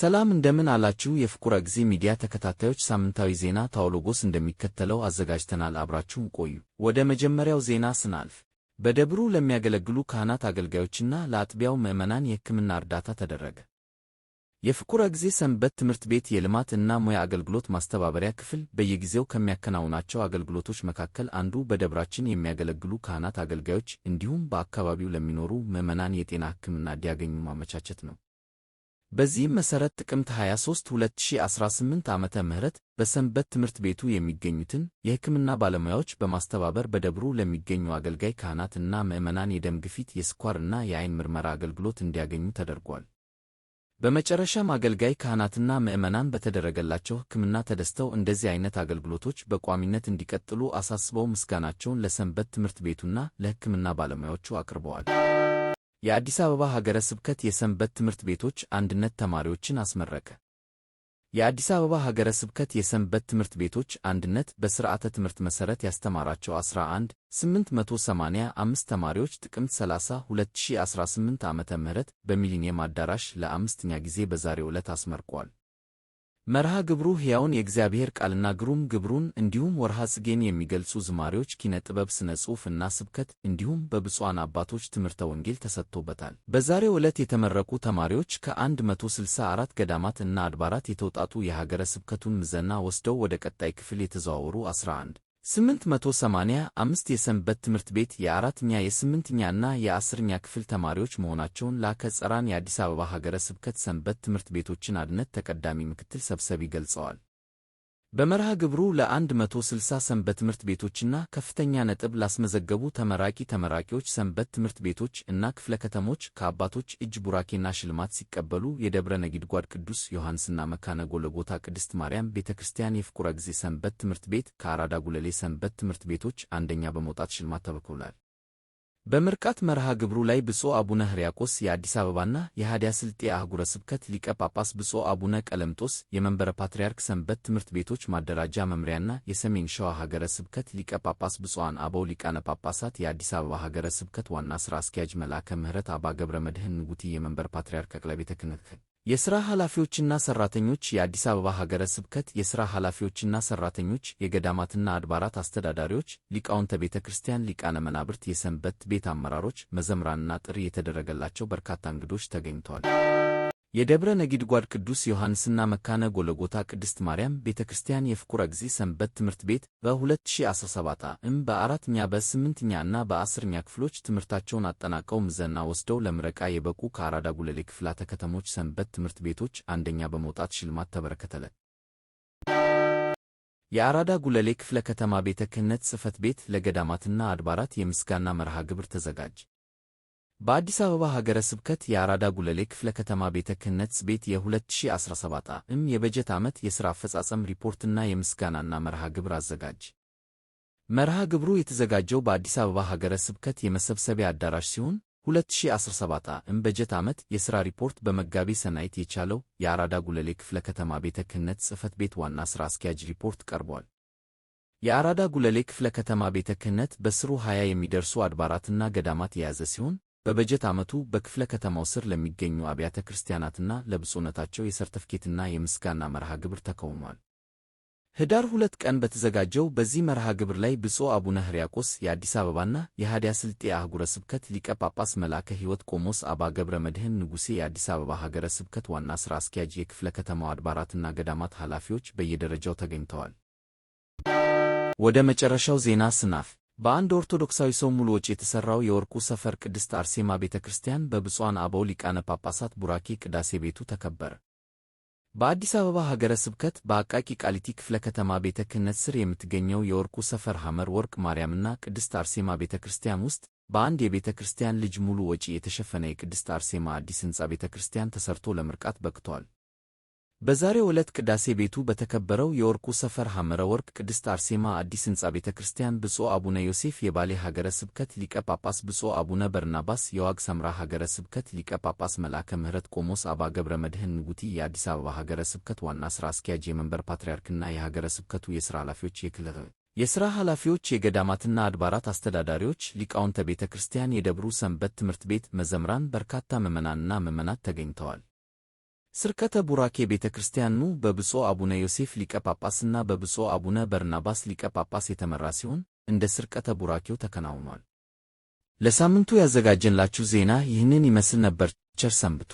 ሰላም እንደምን አላችሁ የፍቁር ጊዜ ሚዲያ ተከታታዮች፣ ሳምንታዊ ዜና ታውሎጎስ እንደሚከተለው አዘጋጅተናል። አብራችሁን ቆዩ። ወደ መጀመሪያው ዜና ስናልፍ በደብሩ ለሚያገለግሉ ካህናት አገልጋዮችና ለአጥቢያው ምዕመናን የሕክምና እርዳታ ተደረገ። የፍቁረ ጊዜ ሰንበት ትምህርት ቤት የልማት እና ሙያ አገልግሎት ማስተባበሪያ ክፍል በየጊዜው ከሚያከናውናቸው አገልግሎቶች መካከል አንዱ በደብራችን የሚያገለግሉ ካህናት አገልጋዮች እንዲሁም በአካባቢው ለሚኖሩ ምዕመናን የጤና ሕክምና እንዲያገኙ ማመቻቸት ነው። በዚህም መሠረት ጥቅምት 23 2018 ዓመተ ምህረት በሰንበት ትምህርት ቤቱ የሚገኙትን የሕክምና ባለሙያዎች በማስተባበር በደብሩ ለሚገኙ አገልጋይ ካህናት እና ምዕመናን የደም ግፊት፣ የስኳር እና የዓይን ምርመራ አገልግሎት እንዲያገኙ ተደርጓል። በመጨረሻም አገልጋይ ካህናትና ምዕመናን በተደረገላቸው ሕክምና ተደስተው እንደዚህ አይነት አገልግሎቶች በቋሚነት እንዲቀጥሉ አሳስበው ምስጋናቸውን ለሰንበት ትምህርት ቤቱና ለሕክምና ባለሙያዎቹ አቅርበዋል። የአዲስ አበባ ሀገረ ስብከት የሰንበት ትምህርት ቤቶች አንድነት ተማሪዎችን አስመረቀ። የአዲስ አበባ ሀገረ ስብከት የሰንበት ትምህርት ቤቶች አንድነት በሥርዓተ ትምህርት መሠረት ያስተማራቸው 11 885 ተማሪዎች ጥቅምት 30 2018 ዓ ም በሚሊኒየም አዳራሽ ለአምስተኛ ጊዜ በዛሬው ዕለት አስመርቋል። መርሃ ግብሩ ሕያውን የእግዚአብሔር ቃልና ግሩም ግብሩን እንዲሁም ወርሃ ጽጌን የሚገልጹ ዝማሬዎች፣ ኪነ ጥበብ፣ ሥነ ጽሑፍ እና ስብከት እንዲሁም በብፁዓን አባቶች ትምህርተ ወንጌል ተሰጥቶበታል። በዛሬው ዕለት የተመረቁ ተማሪዎች ከ164 ገዳማት እና አድባራት የተውጣጡ የሀገረ ስብከቱን ምዘና ወስደው ወደ ቀጣይ ክፍል የተዘዋወሩ 11 ስምንት መቶ ሰማንያ አምስት የሰንበት ትምህርት ቤት የአራተኛ የስምንተኛና የአስርኛ ክፍል ተማሪዎች መሆናቸውን ላከ ጸራን የአዲስ አበባ ሀገረ ስብከት ሰንበት ትምህርት ቤቶችን አድነት ተቀዳሚ ምክትል ሰብሳቢ ገልጸዋል። በመርሃ ግብሩ ለ160 ሰንበት ትምህርት ቤቶችና ከፍተኛ ነጥብ ላስመዘገቡ ተመራቂ ተመራቂዎች ሰንበት ትምህርት ቤቶች እና ክፍለ ከተሞች ከአባቶች እጅ ቡራኬና ሽልማት ሲቀበሉ የደብረ ነጎድጓድ ቅዱስ ዮሐንስና መካነ ጎለጎታ ቅድስት ማርያም ቤተ ክርስቲያን የፍቁረ ጊዜ ሰንበት ትምህርት ቤት ከአራዳ ጉለሌ ሰንበት ትምህርት ቤቶች አንደኛ በመውጣት ሽልማት ተበክሏል በምርቃት መርሃ ግብሩ ላይ ብፁዕ አቡነ ሕርያቆስ የአዲስ አበባና የሃዲያ ስልጤ አህጉረ ስብከት ሊቀ ጳጳስ፣ ብፁዕ አቡነ ቀለምጦስ የመንበረ ፓትርያርክ ሰንበት ትምህርት ቤቶች ማደራጃ መምሪያና የሰሜን ሸዋ ሀገረ ስብከት ሊቀ ጳጳስ፣ ብፁዓን አበው ሊቃነ ጳጳሳት፣ የአዲስ አበባ ሀገረ ስብከት ዋና ሥራ አስኪያጅ መልአከ ምሕረት አባ ገብረ መድኅን ንጉቲ፣ የመንበረ ፓትርያርክ ጠቅላይ ቤተ ክህነት የሥራ ኃላፊዎችና ሠራተኞች የአዲስ አበባ ሀገረ ስብከት የሥራ ኃላፊዎችና ሠራተኞች፣ የገዳማትና አድባራት አስተዳዳሪዎች፣ ሊቃውንተ ቤተ ክርስቲያን፣ ሊቃነ መናብርት፣ የሰንበት ቤት አመራሮች፣ መዘምራንና ጥሪ የተደረገላቸው በርካታ እንግዶች ተገኝተዋል። የደብረ ጓድ ቅዱስ ዮሐንስና መካነ ጎለጎታ ቅድስት ማርያም ቤተ ክርስቲያን የፍቁረ ጊዜ ሰንበት ትምህርት ቤት በ2017 ዓ.ም በአራተኛ በስምንተኛ እና በአስርኛ ክፍሎች ትምህርታቸውን አጠናቀው ምዘና ወስደው ለምረቃ የበቁ ከአራዳ ጉለሌ ክፍላተ ከተሞች ሰንበት ትምህርት ቤቶች አንደኛ በመውጣት ሽልማት ተበረከተለት። የአራዳ ጉለሌ ክፍለ ከተማ ቤተ ክህነት ጽሕፈት ቤት ለገዳማትና አድባራት የምስጋና መርሃ ግብር ተዘጋጅ በአዲስ አበባ ሀገረ ስብከት የአራዳ ጉለሌ ክፍለ ከተማ ቤተ ክህነት ቤት የ2017 ዓ.ም የበጀት ዓመት የሥራ አፈጻጸም ሪፖርትና የምስጋናና መርሃ ግብር አዘጋጅ። መርሃ ግብሩ የተዘጋጀው በአዲስ አበባ ሀገረ ስብከት የመሰብሰቢያ አዳራሽ ሲሆን 2017 ዓ.ም በጀት ዓመት የሥራ ሪፖርት በመጋቤ ሰናይት የቻለው የአራዳ ጉለሌ ክፍለ ከተማ ቤተ ክህነት ጽሕፈት ቤት ዋና ሥራ አስኪያጅ ሪፖርት ቀርቧል። የአራዳ ጉለሌ ክፍለ ከተማ ቤተ ክህነት በስሩ 20 የሚደርሱ አድባራትና ገዳማት የያዘ ሲሆን በበጀት ዓመቱ በክፍለ ከተማው ስር ለሚገኙ አብያተ ክርስቲያናትና ለብፁዕነታቸው የሰርተፍኬትና የምስጋና መርሃ ግብር ተከውሟል። ህዳር ሁለት ቀን በተዘጋጀው በዚህ መርሃ ግብር ላይ ብፁዕ አቡነ ሕርያቆስ የአዲስ አበባና የሃዲያ ስልጤ አህጉረ ስብከት ሊቀ ጳጳስ መልአከ ሕይወት ቆሞስ አባ ገብረ መድኅን ንጉሴ የአዲስ አበባ ሀገረ ስብከት ዋና ሥራ አስኪያጅ፣ የክፍለ ከተማው አድባራትና ገዳማት ኃላፊዎች በየደረጃው ተገኝተዋል። ወደ መጨረሻው ዜና ስናፍ በአንድ ኦርቶዶክሳዊ ሰው ሙሉ ወጪ የተሠራው የወርቁ ሰፈር ቅድስት አርሴማ ቤተ ክርስቲያን በብፁዓን አበው ሊቃነ ጳጳሳት ቡራኬ ቅዳሴ ቤቱ ተከበረ። በአዲስ አበባ ሀገረ ስብከት በአቃቂ ቃሊቲ ክፍለ ከተማ ቤተ ክህነት ስር የምትገኘው የወርቁ ሰፈር ሐመር ወርቅ ማርያምና ቅድስት አርሴማ ቤተ ክርስቲያን ውስጥ በአንድ የቤተ ክርስቲያን ልጅ ሙሉ ወጪ የተሸፈነ የቅድስት አርሴማ አዲስ ሕንፃ ቤተ ክርስቲያን ተሠርቶ ለምርቃት በቅቷል። በዛሬው ዕለት ቅዳሴ ቤቱ በተከበረው የወርቁ ሰፈር ሐመረ ወርቅ ቅድስት አርሴማ አዲስ ሕንፃ ቤተ ክርስቲያን ብፁዕ አቡነ ዮሴፍ የባሌ ሀገረ ስብከት ሊቀ ጳጳስ፣ ብፁዕ አቡነ በርናባስ የዋግ ሰምራ ሀገረ ስብከት ሊቀ ጳጳስ፣ መልአከ ምሕረት ቆሞስ አባ ገብረ መድኅን ንጉቲ የአዲስ አበባ ሀገረ ስብከት ዋና ሥራ አስኪያጅ፣ የመንበር ፓትርያርክና የሀገረ ስብከቱ የሥራ ኃላፊዎች፣ የክልል የሥራ ኃላፊዎች፣ የገዳማትና አድባራት አስተዳዳሪዎች፣ ሊቃውንተ ቤተ ክርስቲያን፣ የደብሩ ሰንበት ትምህርት ቤት መዘምራን፣ በርካታ ምዕመናንና ምዕመናት ተገኝተዋል። ስርቀተ ቡራኬ ቤተ ኑ በብፁዕ አቡነ ዮሴፍ ሊቀ ጳጳስና በብፁዕ አቡነ በርናባስ ሊቀ ጳጳስ የተመራ ሲሆን እንደ ስርቀተ ቡራኬው ተከናውኗል። ለሳምንቱ ያዘጋጀንላችሁ ዜና ይህንን ይመስል ነበር። ቸር ሰንብቱ።